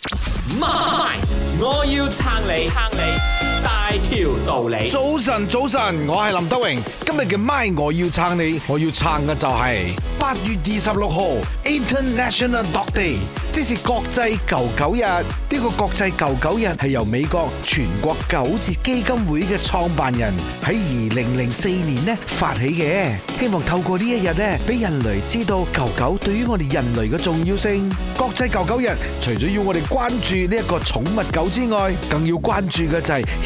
媽咪，My. 我要撐你，撐你。大條道理，早晨早晨，我係林德榮，今日嘅咪我要撐你，我要撐嘅就係八月二十六號 International Dog Day，即是國際狗狗日。呢個國際狗狗日係由美國全國狗隻基金會嘅創辦人喺二零零四年呢發起嘅，希望透過呢一日呢俾人類知道狗狗對於我哋人類嘅重要性。國際狗狗日除咗要我哋關注呢一個寵物狗之外，更要關注嘅就係。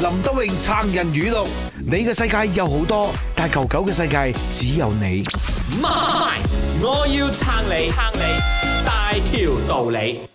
林德榮撐人語錄，你嘅世界有好多，但狗狗嘅世界只有你。媽咪，我要撐你，撐你，大條道理。